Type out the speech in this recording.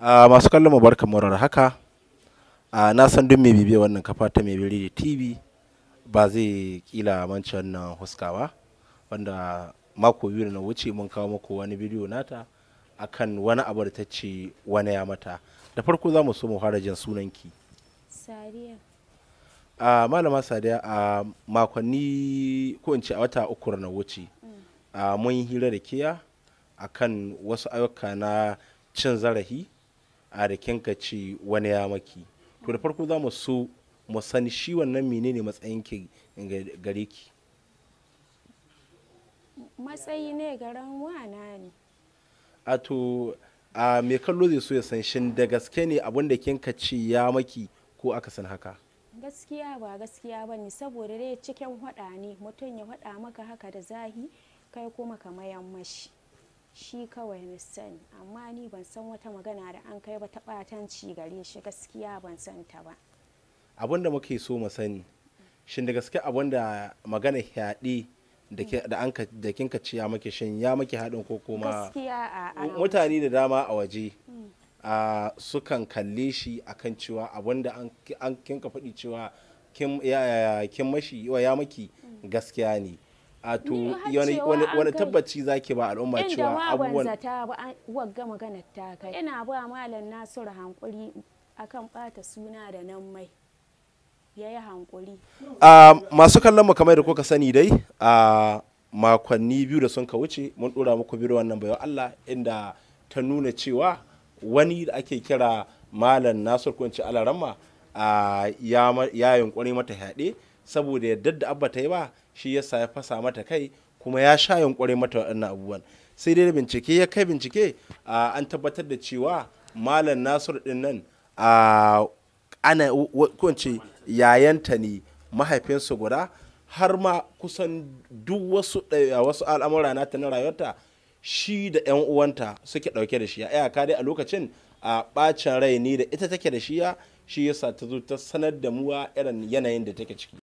a ah, masu kallon mu barka murar haka a ah, na san duk mai bibiya wannan kafa ta mai biri da tv ba zai kila manci wannan huska ba wanda mako biyu na wuce mun kawo muku wani bidiyo nata akan wani abu da ta ce wani ya mata da farko za mu so mu fara jin sunanki sariya a ah, malama sadiya a makonni ko in ce a wata uku na wuce mm. a mun hira da kiya akan wasu ayyuka na cin zarafi a rikin ce wani ya maki to da farko za mu so mu sani shi wannan menene matsayin ki gare ki matsayi ne garan wana ne a to a me kallo zai so ya san shin da gaske ne abin da kinka ce ya maki ko aka san haka gaskiya ba gaskiya ba ne saboda dai cikin hada ne mutum ya hada maka haka da zahi kai kuma ka mayan mashi shi kawai na sani amma ni ban san wata magana da an kai ba ta batanci gare shi gaskiya ban san ta ba abin da muke so mu sani shin da gaske abin da magana yaɗe da an da kinka ce ya muke shin ya muke haɗin ko kuma gaskiya a mutane da dama a waje mm. sukan kalle shi akan cewa abin da an kinka faɗi cewa kin mashi wa ya maki mm. gaskiya ne a to wani tabbaci zaki ba al'umma cewa abubuwan ba wagga magana ta kai ina ba malam nasiru hankuri akan bata suna da nan mai yayi hankuri masu kallon mu kamar da kuka sani dai a makonni biyu da sun ka wuce mun dora muku biyu wannan bayan Allah inda ta nuna cewa wani da ake kira malam nasir kunci alaramma ya yunkuri mata haɗe saboda yadda da abba ta yi ba shi yasa ya fasa mata kai kuma ya sha yankware mata waɗannan abubuwan sai dai bincike ya kai bincike an tabbatar da cewa malam nasiru din nan ana kunce yayanta ne mahaifinsu guda har ma kusan duk wasu al'amura na ta na rayuwarta shi da yan uwanta suke dauke da shi a iyaka dai a lokacin a bacin rai ne da ita take da shi ya shi yasa ta zo ta sanar da muwa irin yanayin da take ciki